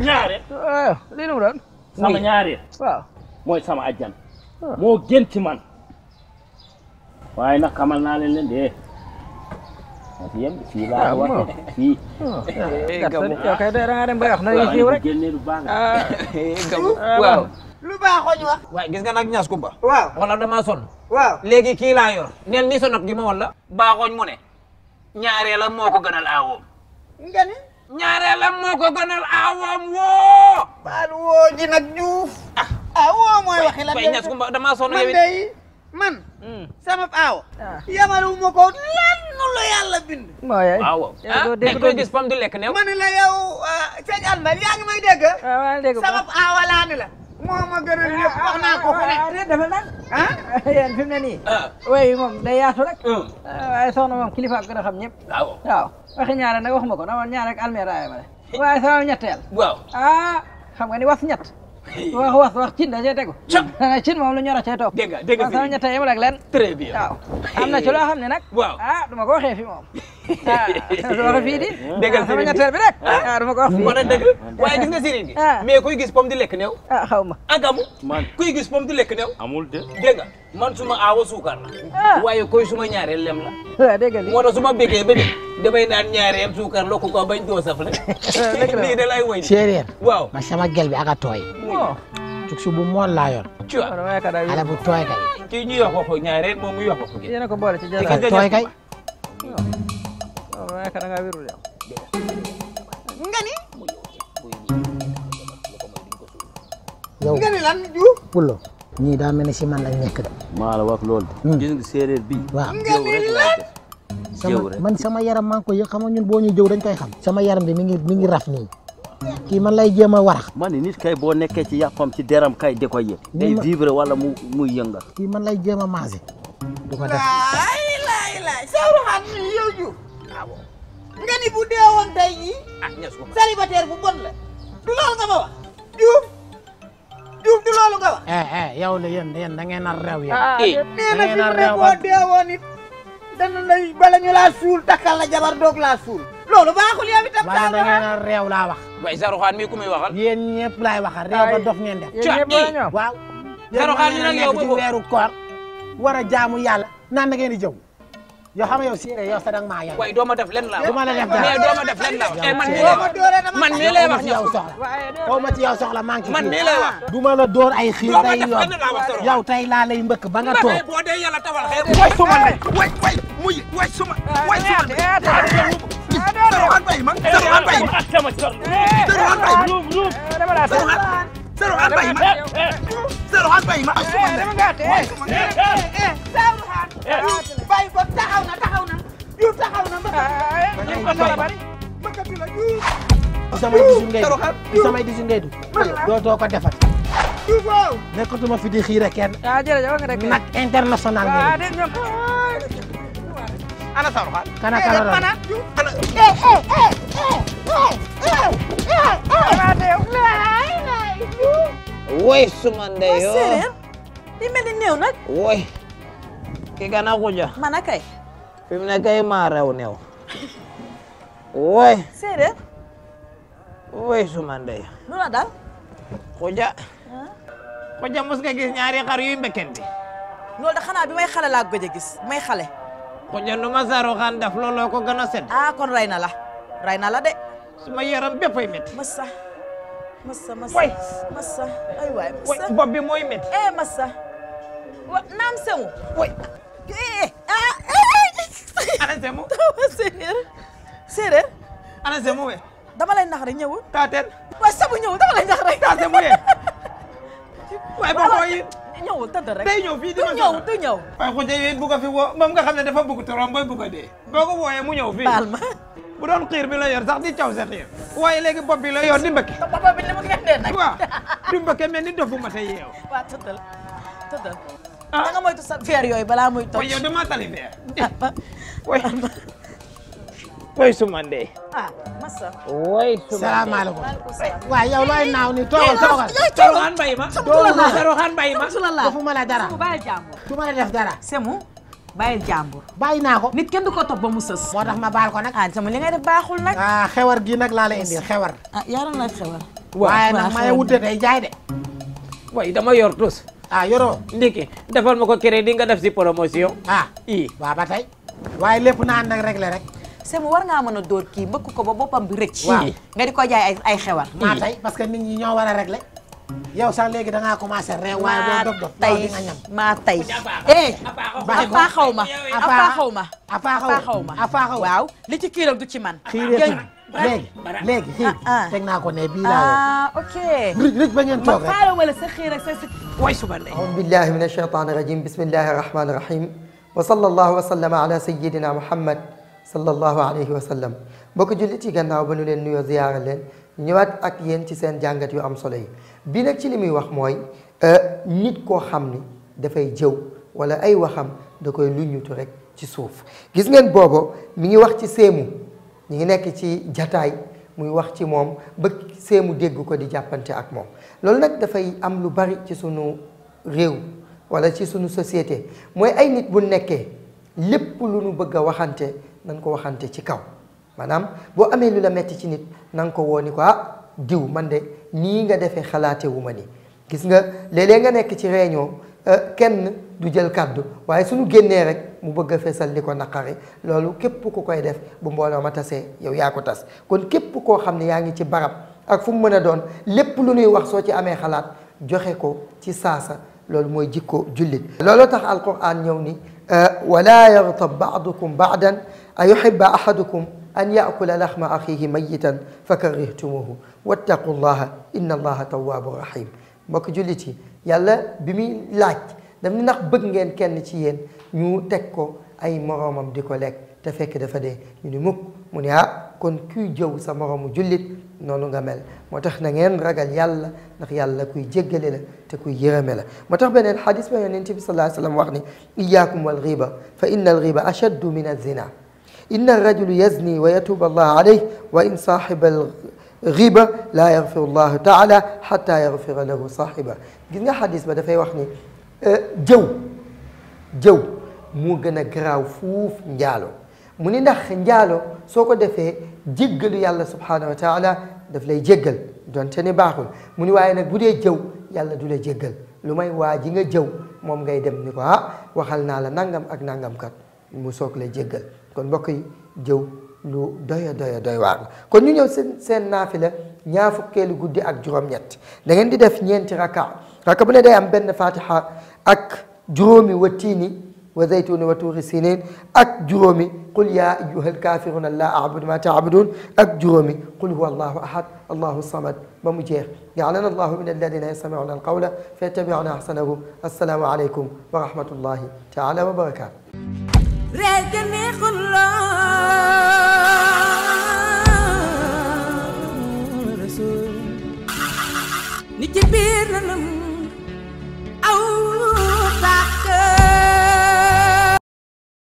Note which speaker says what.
Speaker 1: ñaareel. waaw ah, lii la mu doon. sama ñaareel. waaw mooy sama ajjan. Ah. moo gënti man. waaye nag xamal naa leen leen de. waaw yem fii laa ah, war a fii. yow kay da nga dem ba wax na yu siiw rek. lu baaxoo ñu wax. gis nga nag ñaas kumba. waaw wala son sonn. waaw léegi kii laa yor. neel ni sonat gi ma wala. baaxooñ mu ne. ñaareel la moo ko gënal aawoom. nga ñaareelam moo ko gënal awoom woo. baal woo ji juuf. ah awoo ah, mooy waxi la. tey ñaar damaa sonn yow it man hmm. sama aaw. Ah. yamaru ma ko lan la yàlla bind. Ah, gis pam lekk new. ma ne la yow yaa ngi may dégg. waaw waaw dégg la. moo ma gënal ñëpp ah, wax naa ko fu ne. ah dafa naan. ah yéen fi mu ne nii. Ah. waaye moom day yaatu rek. Hmm. Ah, waaye soxna moom kilifa gën a xam ñëpp. waaw waaw waxi ñaare nag waxuma ko dama ñaar rek almeeraay ma ne. waaye xam nga ni was ñett. wax wax wax cin da cee tegu. dana cin moom lu ñor a cee toog. dégg nga dégg nga sama ñetteel yemul am na ci loo xam ne nag. waaw ma ko waxee fi moom. ah fii di. déggal ah, sëriñ ah. ah, ko wax fii. waaye gis nga sëriñ bi. mais kuy gis pom di lekk new ah xaw ma agamu. man kuy gis pomme di lekk néew. amul de. dégg nga man suma aawa suukar la. waaye koy suma ñaareel lem la. waaw dégg nga lii moo tax suma bëggee ba damay naan ñaareel suukar lokk ko bañ doo saf la. waaw man sama gel bi aga tooy. Oh. bu laa yor. ala bu tooy kay. kii ñu ko ñaareel moom mu ko. a ko boole ci jërëjëf tooy kay. waaye ka da ngaa wérul ni yow nga ni lan si man lañ nekk de maa lool wax loolu de hmm. gis nga bi waaw sama man sama yaram maa ngi ko yëg xam nga ñun boo ñu jëw dañ koy xam sama yaram bi mi ngi mi ngi raf nii kii man lay jéem a warax ma ne nit kay boo nekkee ci yàppam ci deram kay di ko vivre wala mu muy yëngal kii man lay jéem a maase du ko def ni yow nga ni bu deewoon tay jii. ah ñëw su célibataire bu bon la. du loolu nga ma wax. Diouf Diouf du loolu nga wax. eh eh yow la yeen yeen da ngay a rew ya ah nee na fi rek boo deewoon it dana lay bala ñu la sul takal la jabar doog la sul loolu baaxul yow itam da da ngay a rew la wax. waaye khan mi kumay waxal. yeen ñepp lay waxal rew ba dox ngeen def. waaw
Speaker 2: ñëpp khan ñu nak yow bo
Speaker 1: yéen jaamu yalla nan da ngay di jëw Yo xam yow ya, yow sa dang ma yàq. way doo ma def len la duma la def dara doo ma def len la man ni la man mii lay wax yow soxla ko ma ci yow soxla man ki man ni lay wax duma la door ay xir day yow tay la lay mbeuk ba nga to bo yalla tawal xey way suma lay way way muy way suma way suma Seruhan mang seruhan seruhan seruhan mang seruhan mang sama idisu ngay sama eh eh eh
Speaker 2: Woi sumande yo. Eh?
Speaker 1: Di Woi. kuja. Mana kai? Fimna kai ma rew new. Woi, Séeréer. uy su ma ndey. lu la dal. Kodja. Kodja mos nga gis ñaari xar yuy mbekkente. loolu da xanaa bi may xale laa gëj a gis bi may xale. Kodja nu ma Saaro xaan def looloo a ah kon raina lah, raina lah na la de. suma yaram bépp ay métti. Massa Massa Massa. waay Massa ay waay Massa. waay bopp bi mooy eh Massa. wa naam sëmu. waay. eh ah eh. Ada sëmu. taw séeréer séeréer ana se mu dama lay nax rek ñëwul punya, waaye sabu ñëwul dama lay nax rek taate mu we waaye ba koy ñëwul tëdd rek day ñëw fii di ma ñëw du ñëw waaye xunja yooyu bu ko fi punya moom nga xam ne dafa bëgg torom booy bëgg a dee boo ko mu ñëw fii baal bu doon xiir bi la yor sax di caw sa xiir waaye léegi bopp bi la yor di mbëkke bopp bi li mu ngeen nag waaw di mbëkke mel ni dofu ma tey yeew waaw tëddal tëddal da ah. nga moytu sa feer yooyu balaa muy toog yow dama tali feer ah, way su ma ndey. ah masa. way su ma ndey salaamaaleykum. waaw yow looy naaw ni toogal eh, toogal. Dóorxaan eh, eh, Baye ma. Dóorxaan Baye ma. defuma la dara. su ma la def dara. Semu bàyyil jàmbur. bàyyi naa ko. nit kenn du ko topp ba mu sës. moo tax ma baal ko nag. ah sama li ngay def baaxul nag. ah xewar gi nag laa la indil xewar. ah yaaram la xewar. waaye nag ma wute day jaay de. way dama yor tus. ah yoroo. ndiki defal ma ko crédit nga def si promotion. ah i waaw ba tey. waaye lépp naan nag réglé rek. semu war ngaa mën a dóor kii mbëkk ko ba boppam bi rëcc. nga di ko jaay ay ay xewal. maa tey parce que nit ñi ñoo war a réglé. yow sax léegi dangaa commencé réew waaye boo dof dof maa tey maa tey. eh apaa xaw ma apaa xaw ma apaa xaw ma apaa xaw ma waaw li ci kiiral du ci man. léegi léegi xiir ah, ah. teg naa ko ne bii laa woo. Ah, ok rëj rëj ba ngeen toog rek ma xaaral wala sa xiir ak sa si. way suba ndey. auzu billahi min ashaytaani rajim bismillahi rahmaani rahim wa sallallahu wa sallama ala sayyidina muhammad sallallahu alayhi wa boo ko jullit yi gannaaw ba ñu leen nuyoo ziyaara leen ñëwaat ak yéen ci seen jàngat yu am solo yi bii nag ci li muy wax mooy euh, nit koo xam ni dafay jëw wala ay waxam da koy luñutu rek ci suuf gis ngeen boobo mi ngi wax ci séemu ñu ngi nekk ci jataay muy wax ci moom ba séemu dégg ko di jàppante ak moom loolu nag dafay am lu bari ci sunu réew wala ci sunu société mooy ay nit bu nekkee lépp lu nu bëgg a waxante nan ko waxante ci kaw maanaam boo amee lu la metti ci nit na nga ko woo ko ah diw man de nii nga defee xalaate wu ni gis nga léeg-léeg nga nekk ci réunion kenn du jël kàddu waaye suñu génnee rek mu bëgg a feesal li ko naqari loolu képp ku koy def bu mbooloo ma tasee yow ya ko tas kon képp koo xam ne yaa ngi ci barab ak fu mu mën a doon lépp lu nuy wax soo ci amee xalaat joxe ko ci saasa loolu mooy jikko jullit looloo tax alquran ñëw ni wala yartab baadukum baadan أيحب أحدكم أن يأكل لحم أخيه ميتا فكرهتموه واتقوا الله إن الله تواب رحيم mbokk jullit yi yàlla bi muy laaj daf ni ndax bëgg ngeen kenn ci yéen ñu teg ko ay moroomam di ko lekk te fekk dafa dee ñu ni mukk mu ah, kon kuy jëw sa moroomu jullit noonu nga mel moo tax na ngeen ragal yàlla ndax yàlla kuy jéggale la te kuy yërëme la moo tax beneen xadis ba yonent bi sallallahu alayhi wa sallam wax wa iyaakum wal riba fa inna al a ashaddu min az zina inna rajulu yazni wa yatubu allah alayh wa in saaxibal riba laa yaxfiru llahu taala xata yaxfira lahu saaxiba gis nga xadis ba dafay wax ni eh, jëw jëw moo gën a garaaw fuuf njaalo mu ni ndax njaalo soo ko defee jéggalu yàlla subhaanahu wa taala daf lay jéggal donte ni baaxul mu ni waaye nag bu dee jëw yàlla du la jéggal lu may waa ji nga jëw moom ngay dem ni ko ah waxal naa la nangam ak nangam kat mu soog lay jéggal kon mbokk yi jëw lu doya doya doy waar la kon ñu ñëw seen seen naafila ñaar fukkeelu guddi ak juróom-ñett da ngeen di def ñeenti raka raka bu ne day am benn fatiha ak juróomi wa tiini wa zaytuuni wa tuuri siniin ak juróomi qul yaa ayyuhal kaafiruuna laa a'budu maa ta'buduun ak juróomi qul huwa allaahu ahad allaahu samad ba mu jeex ja'alana allaahu min alladiina yastami'uuna al-qawla fayattabi'uuna ahsanahu assalaamu aleykum wa rahmatullaahi ta'aalaa wa barakaatuh الدم يخل